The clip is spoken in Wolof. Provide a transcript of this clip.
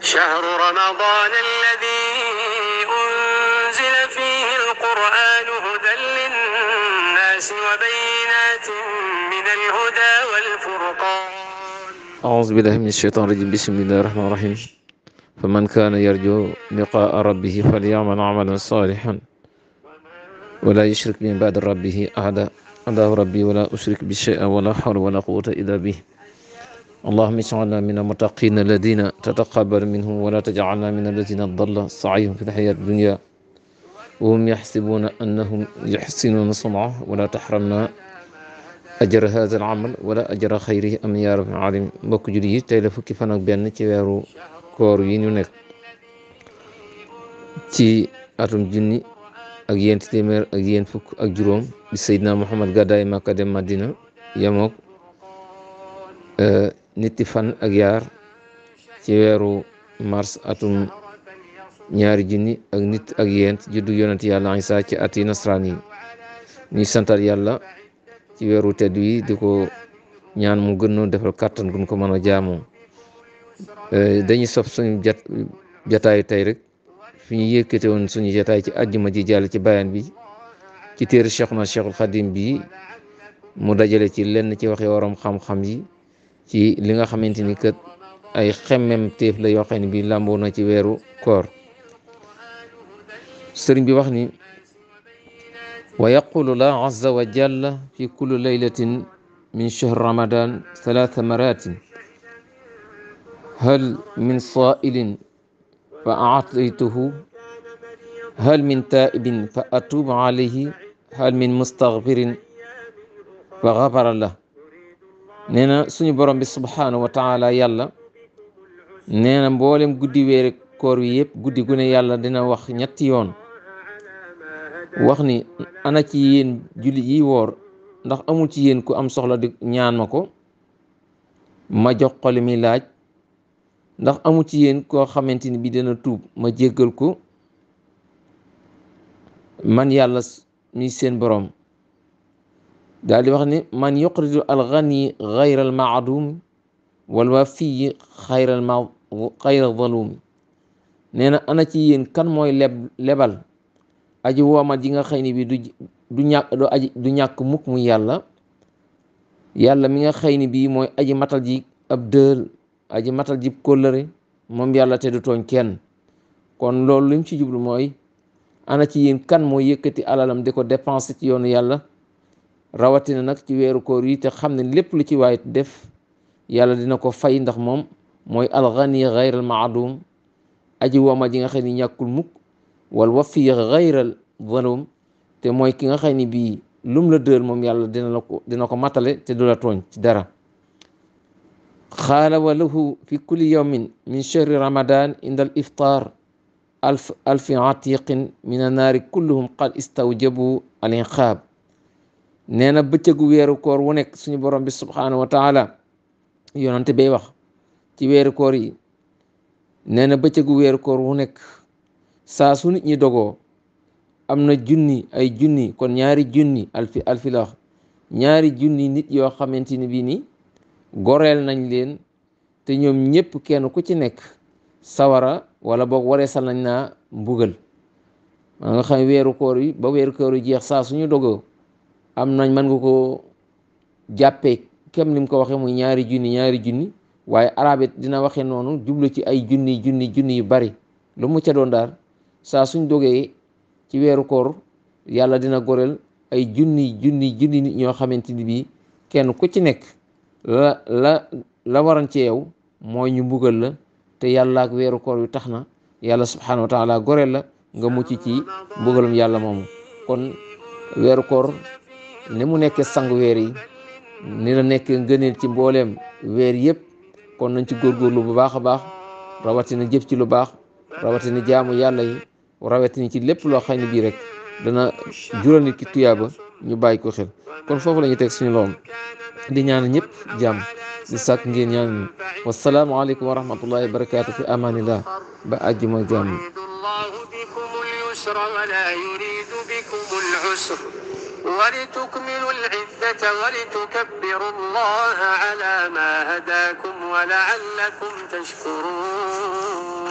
شهر رمضان الذي أنزل فيه القرآن هدى للناس وبينات من الهدى والفرقان أعوذ بالله من الشيطان الرجيم بسم الله الرحمن الرحيم فمن كان يرجو لقاء ربه فليعمل عملا صالحا ولا يشرك من بعد ربه أحدا أداه ربي ولا أشرك بشيء ولا حول ولا قوة إلا به اللهم اجعلنا من المتقين الذين تتقبل منهم ولا تجعلنا من الذين ضل سعيهم في الحياة الدنيا وهم يحسبون أنهم يحسنون صنعا ولا تحرمنا أجر هذا العمل ولا أجر خيره أم يا رب العالمين بك جلي تيلف كيف نقبل نتيارو كوروين ينك تي أتم جني أجيان تيمير أجيان فك أجروم بسيدنا محمد قدائما قدم مدينة يموك أه ñetti fan ak yaar ci weeru mars atum ñaari junni ak nit ak yent juddu yonent yàlla Isa ci ati nasraan yi ñuy santal yàlla ci weeru tedd yi di ko ñaan mu gën noo defal kàttan gun ko mën a jaamoo eh, dañuy sob suñu jat jataayu tey rek fi ñu yëkkate woon suñu jataay ci àjjuma ji jàll ci bayaan bi ci téere Cheikhna Cheikhul Xadim bi mu dajale ci lenn ci waxi waroom xam-xam yi ci li nga xamante ni kat ay xemmem téef la yoo xam ne bi làmboo na ci weeru koor sëriñ bi wax ni wa yaqulu la azza wa jalla fi kulli laylatin min shahr ramadan thalatha maratin hal min sa'ilin fa a'taytuhu hal min taa'ibin fa atuubu alayhi hal min mustaghfirin fa ghafara lahu nee na suñu borom bi subhaanahu wa taala yàlla nee na mboolem guddi weeri koor wi yëpp guddi gu ne yàlla dina wax ñetti yoon wax ni ana ci yéen jullit yi woor ndax amul ci yéen ku am soxla di ñaan ma ko ma jox ko li muy laaj ndax amul ci yéen koo xamante ni bi dina tuub ma jéggal ko man yàlla mi seen borom daal di wax ni man yuqridu alxani xayra almaadum walwafiyi xayra alma xayra zalumi nee na ana ci yéen kan mooy lebal aji woma ji nga xëy ni bi du du ñàkk du mu yàlla yàlla mi nga xëy ni bii mooy aji matal ji ab dël aji matal ji kóllëre moom yàlla te du tooñ kenn kon loolu lim ci jublu mooy ana ci yéen kan mooy yëkkati alalam de ko dépenser ci yoonu yàlla rawatina nag ci weeru koor yi te xam ne lépp lu ci waay def yàlla dina ko fay ndax moom mooy alxani xayral maadum aji wama ji nga xam ni ñàkkul mukk wal wafi xayral vanum te mooy ki nga xam ni bii lum la dël moom yàlla dina la ko dina ko matale te du la tooñ ci dara xaala wa lahu fi kulli yawmin min chahri ramadan inda al iftar alf alfi atiqin min annaari kulluhum qad istawjabu al inqaab nee na bëccëgu weeru koor wu nekk suñu borom bi subhaanahu wa taala yonante bay wax ci weeru koor yi nee na bëccëgu weeru koor wu nekk saa su nit ñi dogoo am na junni ay junni kon ñaari junni alfi ñaari junni nit yoo xamante ni bii ni goreel nañ leen te ñoom ñépp kenn ku ci nekk sawara wala boog wareesal nañ na mbugal maa nga xam weeru koor yi ba weeru koor yi jeex saa suñu dogoo am nañ man nga ko jàppee kem ni mu ko waxee muy ñaari junni ñaari junni waaye arab dina waxee noonu jublu ci ay junni junni junni yu bari lu mu ca doon daar saa suñ dogee ci weeru koor yàlla dina goreel ay junni junni junni ñoo xamante ni bii kenn ku ci nekk la la la waran ci yow mooy ñu mbugal la te yàllaak weeru koor yu tax na yàlla subhanahu wa taala goreel la nga mucc ci mbugalum yàlla moomu kon weeru koor ni mu nekkee sang weer yi ni la nekkee ngëneel ci mbooleem weer yëpp kon nañ ci góorgóorlu bu baax a baax rawatina jëf ci lu baax rawatina jaamu yàlla yi rawatina ci lépp loo xam ne bii rek dana jural nit ki tuyaaba ñu bàyyi ko xel kon foofu la ñu teg suñu loom di ñaan ñëpp jàmm di sàkk ngeen ñaan ñi wasalaamualeykum wa rahmatullahi wa barakaatu fi amaanillah ba àjjuma jàmm العسر ولا يريد بكم العسر ولتكملوا العدة ولتكبروا الله على ما هداكم ولعلكم تشكرون